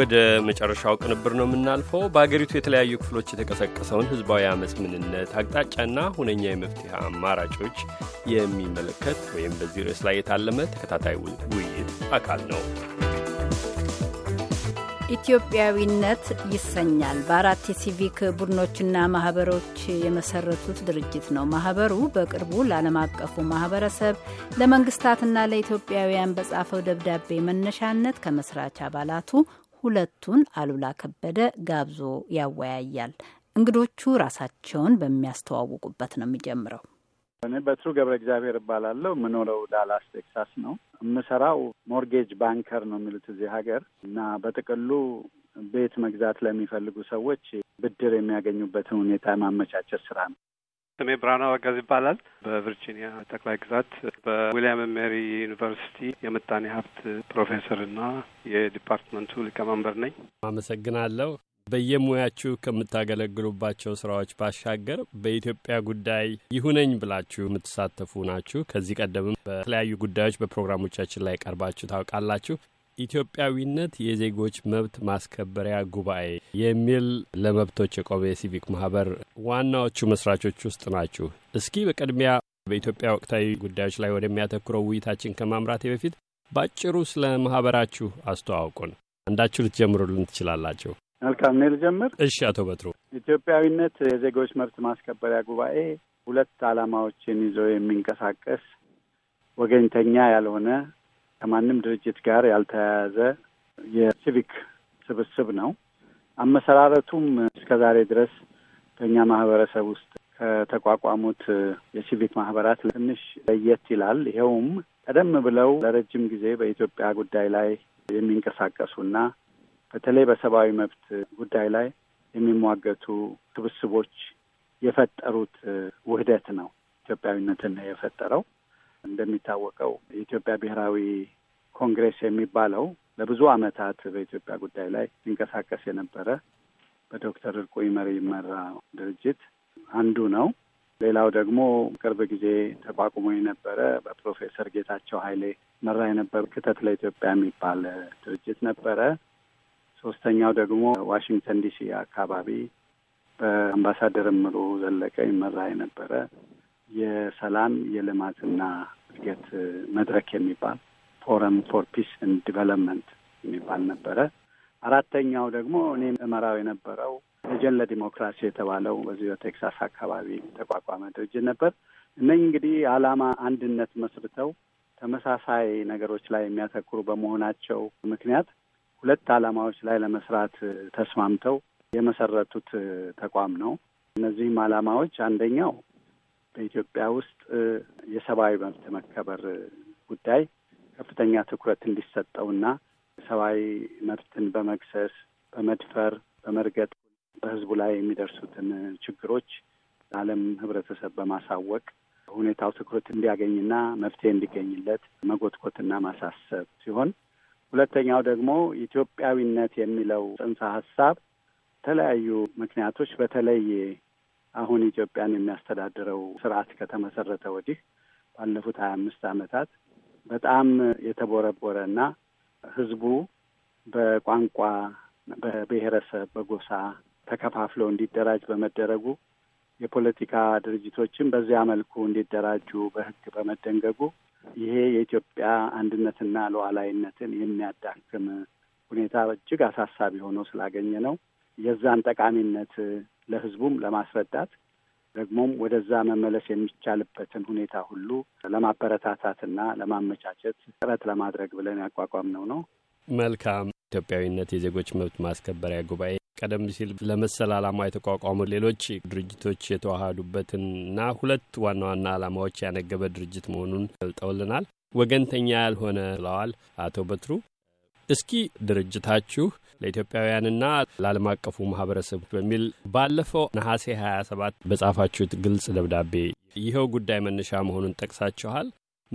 ወደ መጨረሻው ቅንብር ነው የምናልፈው። በአገሪቱ የተለያዩ ክፍሎች የተቀሰቀሰውን ህዝባዊ አመፅ ምንነት፣ አቅጣጫና ሁነኛ የመፍትሄ አማራጮች የሚመለከት ወይም በዚህ ርዕስ ላይ የታለመ ተከታታይ ውይይት አካል ነው። ኢትዮጵያዊነት ይሰኛል። በአራት የሲቪክ ቡድኖችና ማህበሮች የመሰረቱት ድርጅት ነው። ማህበሩ በቅርቡ ለዓለም አቀፉ ማህበረሰብ ለመንግስታትና ለኢትዮጵያውያን በጻፈው ደብዳቤ መነሻነት ከመስራች አባላቱ ሁለቱን አሉላ ከበደ ጋብዞ ያወያያል። እንግዶቹ ራሳቸውን በሚያስተዋውቁበት ነው የሚጀምረው። እኔ በትሩ ገብረ እግዚአብሔር እባላለሁ። የምኖረው ዳላስ ቴክሳስ ነው። የምሰራው ሞርጌጅ ባንከር ነው የሚሉት እዚህ ሀገር እና በጥቅሉ ቤት መግዛት ለሚፈልጉ ሰዎች ብድር የሚያገኙበትን ሁኔታ የማመቻቸት ስራ ነው። ስሜ ብርሃኑ አበጋዝ ይባላል። በቨርጂኒያ ጠቅላይ ግዛት በዊልያም ሜሪ ዩኒቨርሲቲ የምጣኔ ሀብት ፕሮፌሰር እና የዲፓርትመንቱ ሊቀመንበር ነኝ። አመሰግናለሁ። በየሙያችሁ ከምታገለግሉባቸው ስራዎች ባሻገር በኢትዮጵያ ጉዳይ ይሁነኝ ብላችሁ የምትሳተፉ ናችሁ። ከዚህ ቀደምም በተለያዩ ጉዳዮች በፕሮግራሞቻችን ላይ ቀርባችሁ ታውቃላችሁ። ኢትዮጵያዊነት የዜጎች መብት ማስከበሪያ ጉባኤ የሚል ለመብቶች የቆመ የሲቪክ ማህበር ዋናዎቹ መስራቾች ውስጥ ናችሁ። እስኪ በቅድሚያ በኢትዮጵያ ወቅታዊ ጉዳዮች ላይ ወደሚያተኩረው ውይይታችን ከማምራቴ በፊት ባጭሩ ስለ ማህበራችሁ አስተዋውቁን። አንዳችሁ ልትጀምሩልን ትችላላችሁ። መልካም፣ ኔ ልጀምር። እሺ፣ አቶ በትሩ። ኢትዮጵያዊነት የዜጎች መብት ማስከበሪያ ጉባኤ ሁለት ዓላማዎችን ይዞ የሚንቀሳቀስ ወገኝተኛ ያልሆነ ከማንም ድርጅት ጋር ያልተያያዘ የሲቪክ ስብስብ ነው። አመሰራረቱም ዛሬ ድረስ በእኛ ማህበረሰብ ውስጥ ከተቋቋሙት የሲቪክ ማህበራት ትንሽ ለየት ይላል። ይኸውም ቀደም ብለው ለረጅም ጊዜ በኢትዮጵያ ጉዳይ ላይ የሚንቀሳቀሱና በተለይ በሰብአዊ መብት ጉዳይ ላይ የሚሟገቱ ስብስቦች የፈጠሩት ውህደት ነው። ኢትዮጵያዊነትን የፈጠረው እንደሚታወቀው የኢትዮጵያ ብሔራዊ ኮንግሬስ የሚባለው ለብዙ ዓመታት በኢትዮጵያ ጉዳይ ላይ ሲንቀሳቀስ የነበረ በዶክተር እርቁ መሪ ይመራ ድርጅት አንዱ ነው። ሌላው ደግሞ ቅርብ ጊዜ ተቋቁሞ የነበረ በፕሮፌሰር ጌታቸው ኃይሌ መራ የነበረ ክተት ለኢትዮጵያ የሚባል ድርጅት ነበረ። ሶስተኛው ደግሞ ዋሽንግተን ዲሲ አካባቢ በአምባሳደር እምሩ ዘለቀ ይመራ የነበረ የሰላም የልማትና እድገት መድረክ የሚባል ፎረም ፎር ፒስ ኤንድ ዲቨሎፕመንት የሚባል ነበረ። አራተኛው ደግሞ እኔ እመራው የነበረው ደጀን ለዲሞክራሲ የተባለው በዚህ በቴክሳስ አካባቢ ተቋቋመ ድርጅት ነበር። እነኝ እንግዲህ አላማ አንድነት መስርተው ተመሳሳይ ነገሮች ላይ የሚያተኩሩ በመሆናቸው ምክንያት ሁለት አላማዎች ላይ ለመስራት ተስማምተው የመሰረቱት ተቋም ነው። እነዚህም አላማዎች አንደኛው በኢትዮጵያ ውስጥ የሰብአዊ መብት መከበር ጉዳይ ከፍተኛ ትኩረት እንዲሰጠውና ሰብአዊ መብትን በመግሰስ በመድፈር፣ በመርገጥ በህዝቡ ላይ የሚደርሱትን ችግሮች ለዓለም ህብረተሰብ በማሳወቅ ሁኔታው ትኩረት እንዲያገኝና መፍትሄ እንዲገኝለት መጎትኮትና ማሳሰብ ሲሆን ሁለተኛው ደግሞ ኢትዮጵያዊነት የሚለው ጽንሰ ሀሳብ የተለያዩ ምክንያቶች በተለይ አሁን ኢትዮጵያን የሚያስተዳድረው ስርዓት ከተመሰረተ ወዲህ ባለፉት ሀያ አምስት ዓመታት በጣም የተቦረቦረ እና ህዝቡ በቋንቋ፣ በብሔረሰብ፣ በጎሳ ተከፋፍሎ እንዲደራጅ በመደረጉ የፖለቲካ ድርጅቶችን በዚያ መልኩ እንዲደራጁ በህግ በመደንገጉ ይሄ የኢትዮጵያ አንድነትና ሉዓላዊነትን የሚያዳክም ሁኔታ እጅግ አሳሳቢ ሆኖ ስላገኘ ነው የዛን ጠቃሚነት ለህዝቡም ለማስረዳት ደግሞም ወደዛ መመለስ የሚቻልበትን ሁኔታ ሁሉ ለማበረታታትና ለማመቻቸት ጥረት ለማድረግ ብለን ያቋቋምነው ነው። መልካም። ኢትዮጵያዊነት የዜጎች መብት ማስከበሪያ ጉባኤ ቀደም ሲል ለመሰል ዓላማ የተቋቋሙ ሌሎች ድርጅቶች የተዋሃዱበትንና ሁለት ዋና ዋና ዓላማዎች ያነገበ ድርጅት መሆኑን ገልጠውልናል። ወገንተኛ ያልሆነ ብለዋል አቶ በትሩ። እስኪ ድርጅታችሁ ለኢትዮጵያውያንና ለዓለም አቀፉ ማህበረሰብ በሚል ባለፈው ነሐሴ 27 በጻፋችሁት ግልጽ ደብዳቤ ይኸው ጉዳይ መነሻ መሆኑን ጠቅሳችኋል።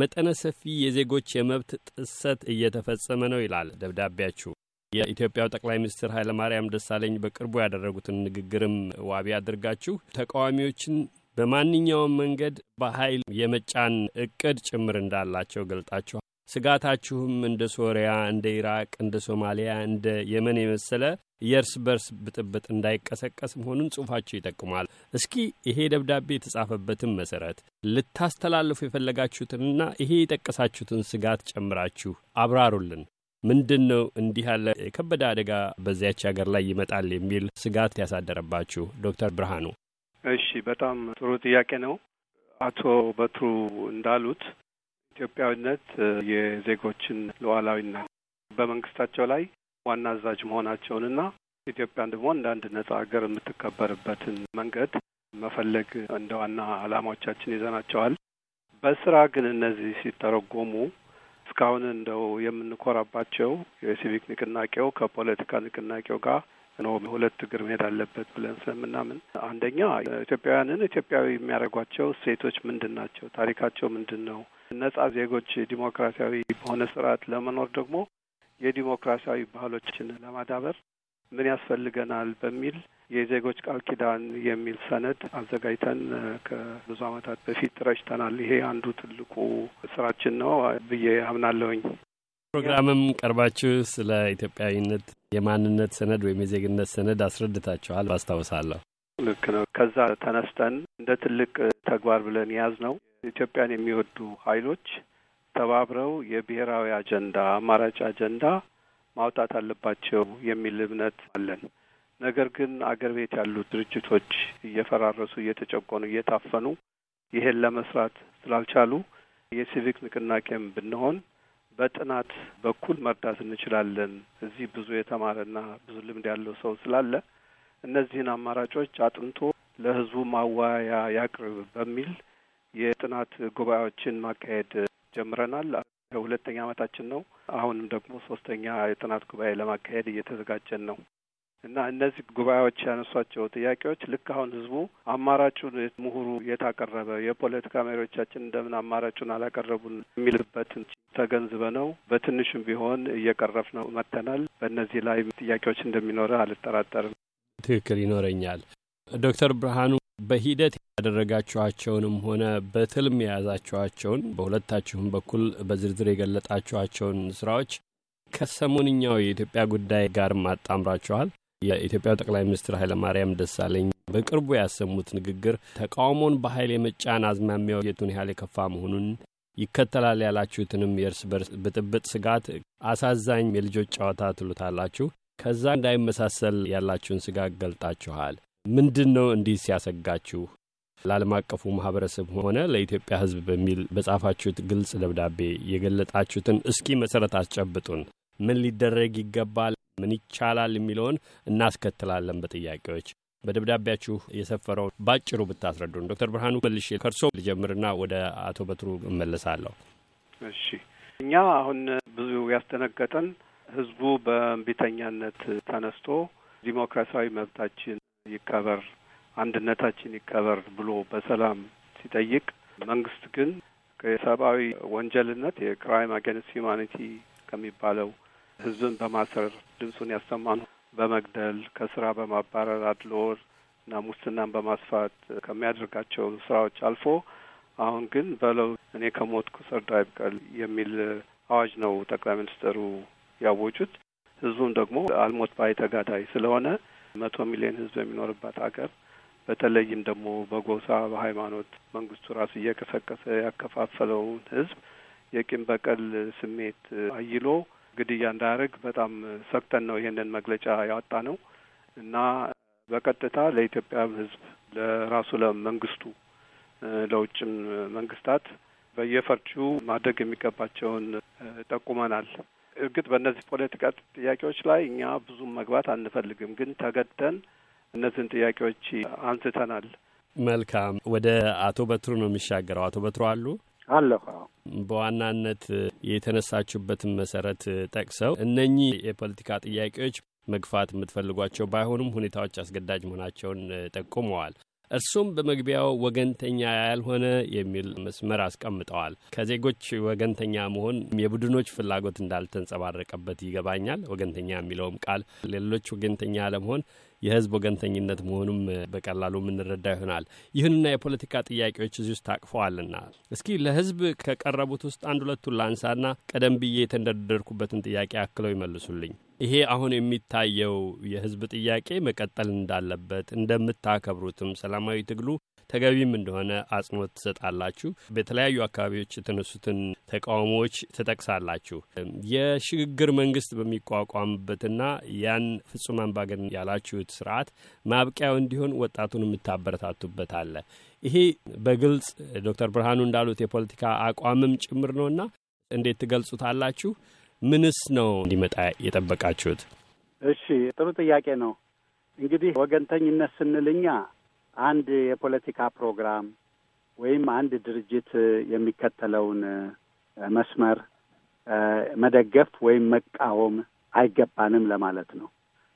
መጠነ ሰፊ የዜጎች የመብት ጥሰት እየተፈጸመ ነው ይላል ደብዳቤያችሁ። የኢትዮጵያው ጠቅላይ ሚኒስትር ኃይለ ማርያም ደሳለኝ በቅርቡ ያደረጉትን ንግግርም ዋቢ አድርጋችሁ ተቃዋሚዎችን በማንኛውም መንገድ በኃይል የመጫን እቅድ ጭምር እንዳላቸው ገልጣችሁ ስጋታችሁም እንደ ሶሪያ፣ እንደ ኢራቅ፣ እንደ ሶማሊያ፣ እንደ የመን የመሰለ የእርስ በርስ ብጥብጥ እንዳይቀሰቀስ መሆኑን ጽሑፋችሁ ይጠቅማል። እስኪ ይሄ ደብዳቤ የተጻፈበትን መሰረት ልታስተላልፉ የፈለጋችሁትንና ይሄ የጠቀሳችሁትን ስጋት ጨምራችሁ አብራሩልን። ምንድን ነው እንዲህ ያለ የከበደ አደጋ በዚያች ሀገር ላይ ይመጣል የሚል ስጋት ያሳደረባችሁ? ዶክተር ብርሃኑ። እሺ፣ በጣም ጥሩ ጥያቄ ነው። አቶ በትሩ እንዳሉት ኢትዮጵያዊነት የዜጎችን ሉዓላዊነት በመንግስታቸው ላይ ዋና አዛዥ መሆናቸውንና ኢትዮጵያን ደግሞ እንደ አንድ ነጻ ሀገር የምትከበርበትን መንገድ መፈለግ እንደ ዋና አላማዎቻችን ይዘናቸዋል። በስራ ግን እነዚህ ሲተረጎሙ እስካሁን እንደው የምንኮራባቸው የሲቪክ ንቅናቄው ከፖለቲካ ንቅናቄው ጋር ነው ሁለት እግር መሄድ አለበት ብለን ስለምናምን፣ አንደኛ ኢትዮጵያውያንን ኢትዮጵያዊ የሚያደርጓቸው እሴቶች ምንድን ናቸው? ታሪካቸው ምንድን ነው? ነጻ ዜጎች ዲሞክራሲያዊ በሆነ ስርዓት ለመኖር ደግሞ የዲሞክራሲያዊ ባህሎችን ለማዳበር ምን ያስፈልገናል በሚል የዜጎች ቃል ኪዳን የሚል ሰነድ አዘጋጅተን ከብዙ ዓመታት በፊት ረጭተናል። ይሄ አንዱ ትልቁ ስራችን ነው ብዬ አምናለሁኝ። ፕሮግራምም ቀርባችሁ ስለ ኢትዮጵያዊነት የማንነት ሰነድ ወይም የዜግነት ሰነድ አስረድታችኋል፣ አስታውሳለሁ። ልክ ነው። ከዛ ተነስተን እንደ ትልቅ ተግባር ብለን የያዝ ነው ኢትዮጵያን የሚወዱ ኃይሎች ተባብረው የብሔራዊ አጀንዳ አማራጭ አጀንዳ ማውጣት አለባቸው የሚል እምነት አለን። ነገር ግን አገር ቤት ያሉት ድርጅቶች እየፈራረሱ፣ እየተጨቆኑ፣ እየታፈኑ ይሄን ለመስራት ስላልቻሉ የሲቪክ ንቅናቄም ብንሆን በጥናት በኩል መርዳት እንችላለን። እዚህ ብዙ የተማረና ብዙ ልምድ ያለው ሰው ስላለ እነዚህን አማራጮች አጥንቶ ለህዝቡ ማዋያ ያቅርብ በሚል የጥናት ጉባኤዎችን ማካሄድ ጀምረናል። ሁለተኛ አመታችን ነው። አሁንም ደግሞ ሶስተኛ የጥናት ጉባኤ ለማካሄድ እየተዘጋጀን ነው እና እነዚህ ጉባኤዎች ያነሷቸው ጥያቄዎች ልክ አሁን ህዝቡ አማራጩን ምሁሩ የታቀረበ የፖለቲካ መሪዎቻችን እንደምን አማራጩን አላቀረቡን የሚልበት ተገንዝበ ነው በትንሹም ቢሆን እየቀረፍ ነው መጥተናል። በእነዚህ ላይ ጥያቄዎች እንደሚኖረ አልጠራጠርም። ትክክል ይኖረኛል። ዶክተር ብርሃኑ በሂደት ያደረጋችኋቸውንም ሆነ በትልም የያዛችኋቸውን በሁለታችሁም በኩል በዝርዝር የገለጣችኋቸውን ስራዎች ከሰሞንኛው የኢትዮጵያ ጉዳይ ጋር አጣምራችኋል። የኢትዮጵያው ጠቅላይ ሚኒስትር ኃይለማርያም ደሳለኝ በቅርቡ ያሰሙት ንግግር ተቃውሞን በኃይል የመጫን አዝማሚያው የቱን ያህል የከፋ መሆኑን ይከተላል ያላችሁትንም የእርስ በርስ ብጥብጥ ስጋት አሳዛኝ የልጆች ጨዋታ ትሉታላችሁ። ከዛ እንዳይመሳሰል ያላችሁን ስጋት ገልጣችኋል። ምንድን ነው እንዲህ ሲያሰጋችሁ? ለዓለም አቀፉ ማህበረሰብ ሆነ ለኢትዮጵያ ሕዝብ በሚል በጻፋችሁት ግልጽ ደብዳቤ የገለጣችሁትን እስኪ መሰረት አስጨብጡን። ምን ሊደረግ ይገባል፣ ምን ይቻላል የሚለውን እናስከትላለን በጥያቄዎች በደብዳቤያችሁ የሰፈረው ባጭሩ ብታስረዱን። ዶክተር ብርሃኑ መልሼ ከእርሶ ልጀምርና ወደ አቶ በትሩ እመለሳለሁ። እሺ፣ እኛ አሁን ብዙ ያስደነገጠን ህዝቡ በእንቢተኛነት ተነስቶ ዲሞክራሲያዊ መብታችን ይከበር፣ አንድነታችን ይከበር ብሎ በሰላም ሲጠይቅ መንግስት ግን ከሰብአዊ ወንጀልነት የክራይም አጌንስት ሂውማኒቲ ከሚባለው ህዝብን በማሰር ድምፁን ያሰማን በመግደል ከስራ በማባረር አድሎር እና ሙስናን በማስፋት ከሚያደርጋቸው ስራዎች አልፎ አሁን ግን በለው እኔ ከሞትኩ ሰርዶ አይብቀል የሚል አዋጅ ነው ጠቅላይ ሚኒስትሩ ያወጁት። ህዝቡም ደግሞ አልሞት ባይ ተጋዳይ ስለሆነ መቶ ሚሊዮን ህዝብ የሚኖርባት ሀገር በተለይም ደግሞ በጎሳ በሃይማኖት መንግስቱ ራሱ እየቀሰቀሰ ያከፋፈለውን ህዝብ የቂም በቀል ስሜት አይሎ ግድያ እንዳያደርግ በጣም ሰግተን ነው ይህንን መግለጫ ያወጣ ነው እና በቀጥታ ለኢትዮጵያ ህዝብ ለራሱ ለመንግስቱ ለውጭም መንግስታት በየፈርቹ ማድረግ የሚገባቸውን ጠቁመናል። እርግጥ በእነዚህ ፖለቲካ ጥያቄዎች ላይ እኛ ብዙም መግባት አንፈልግም፣ ግን ተገደን እነዚህን ጥያቄዎች አንስተናል። መልካም። ወደ አቶ በትሩ ነው የሚሻገረው። አቶ በትሩ አሉ አለሁ በዋናነት የተነሳችሁበትን መሰረት ጠቅሰው እነኚህ የፖለቲካ ጥያቄዎች መግፋት የምትፈልጓቸው ባይሆኑም ሁኔታዎች አስገዳጅ መሆናቸውን ጠቁመዋል። እርሱም በመግቢያው ወገንተኛ ያልሆነ የሚል መስመር አስቀምጠዋል። ከዜጎች ወገንተኛ መሆን የቡድኖች ፍላጎት እንዳልተንጸባረቀበት ይገባኛል። ወገንተኛ የሚለውም ቃል ሌሎች ወገንተኛ ለመሆን የህዝብ ወገንተኝነት መሆኑም በቀላሉ የምንረዳ ይሆናል። ይህንና የፖለቲካ ጥያቄዎች እዚህ ውስጥ ታቅፈዋልና እስኪ ለህዝብ ከቀረቡት ውስጥ አንድ ሁለቱን ላንሳና ቀደም ብዬ የተንደረደርኩበትን ጥያቄ አክለው ይመልሱልኝ። ይሄ አሁን የሚታየው የህዝብ ጥያቄ መቀጠል እንዳለበት እንደምታከብሩትም ሰላማዊ ትግሉ ተገቢም እንደሆነ አጽንኦት ትሰጣላችሁ። በተለያዩ አካባቢዎች የተነሱትን ተቃውሞዎች ትጠቅሳላችሁ። የሽግግር መንግስት በሚቋቋምበትና ያን ፍጹም አንባገን ያላችሁት የሚያደርጉት ስርዓት ማብቂያው እንዲሆን ወጣቱን የምታበረታቱበት አለ። ይሄ በግልጽ ዶክተር ብርሃኑ እንዳሉት የፖለቲካ አቋምም ጭምር ነውና እንዴት ትገልጹታላችሁ? ምንስ ነው እንዲመጣ የጠበቃችሁት? እሺ፣ ጥሩ ጥያቄ ነው። እንግዲህ ወገንተኝነት ስንልኛ አንድ የፖለቲካ ፕሮግራም ወይም አንድ ድርጅት የሚከተለውን መስመር መደገፍ ወይም መቃወም አይገባንም ለማለት ነው።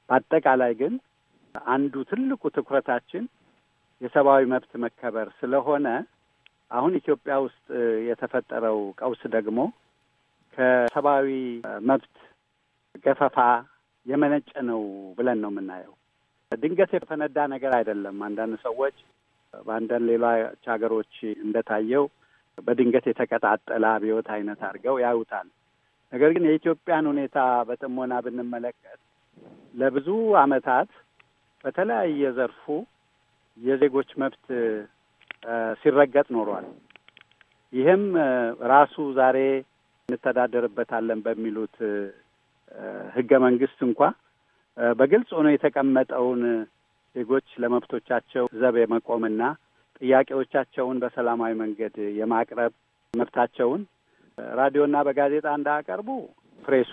በአጠቃላይ ግን አንዱ ትልቁ ትኩረታችን የሰብአዊ መብት መከበር ስለሆነ አሁን ኢትዮጵያ ውስጥ የተፈጠረው ቀውስ ደግሞ ከሰብአዊ መብት ገፈፋ የመነጨ ነው ብለን ነው የምናየው። ድንገት የፈነዳ ነገር አይደለም። አንዳንድ ሰዎች በአንዳንድ ሌሎች ሀገሮች እንደታየው በድንገት የተቀጣጠለ አብዮት አይነት አድርገው ያዩታል። ነገር ግን የኢትዮጵያን ሁኔታ በጥሞና ብንመለከት ለብዙ ዓመታት በተለያየ ዘርፉ የዜጎች መብት ሲረገጥ ኖሯል። ይህም ራሱ ዛሬ እንተዳደርበታለን በሚሉት ህገ መንግስት እንኳ በግልጽ ሆኖ የተቀመጠውን ዜጎች ለመብቶቻቸው ዘብ የመቆምና ጥያቄዎቻቸውን በሰላማዊ መንገድ የማቅረብ መብታቸውን ራዲዮና በጋዜጣ እንዳያቀርቡ ፕሬሱ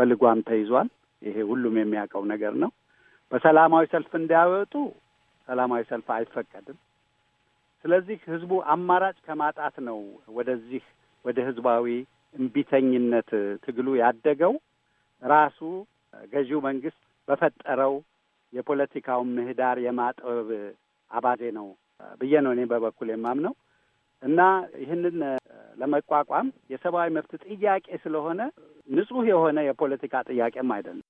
በልጓም ተይዟል። ይሄ ሁሉም የሚያውቀው ነገር ነው። በሰላማዊ ሰልፍ እንዳያወጡ ሰላማዊ ሰልፍ አይፈቀድም። ስለዚህ ህዝቡ አማራጭ ከማጣት ነው ወደዚህ ወደ ህዝባዊ እምቢተኝነት ትግሉ ያደገው። ራሱ ገዢው መንግስት በፈጠረው የፖለቲካውን ምህዳር የማጥበብ አባዜ ነው ብዬ ነው እኔ በበኩል የማምነው እና ይህንን ለመቋቋም የሰብአዊ መብት ጥያቄ ስለሆነ ንጹህ የሆነ የፖለቲካ ጥያቄም አይደለም።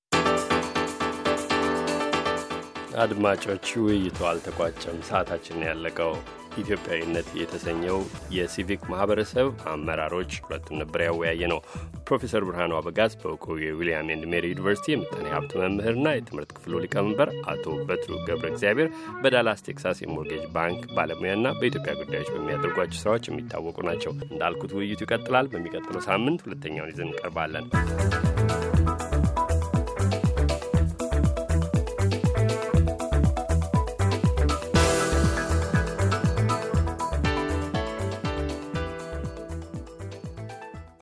አድማጮች ውይይቱ አልተቋጨም፣ ሰዓታችን ያለቀው። ኢትዮጵያዊነት የተሰኘው የሲቪክ ማህበረሰብ አመራሮች ሁለቱን ነበር ያወያየ ነው። ፕሮፌሰር ብርሃኑ አበጋዝ በእውቁ የዊልያም ኤንድ ሜሪ ዩኒቨርሲቲ የምጣኔ ሀብት መምህርና የትምህርት ክፍሉ ሊቀመንበር፣ አቶ በትሩ ገብረ እግዚአብሔር በዳላስ ቴክሳስ የሞርጌጅ ባንክ ባለሙያና በኢትዮጵያ ጉዳዮች በሚያደርጓቸው ስራዎች የሚታወቁ ናቸው። እንዳልኩት ውይይቱ ይቀጥላል። በሚቀጥለው ሳምንት ሁለተኛውን ይዘን እንቀርባለን።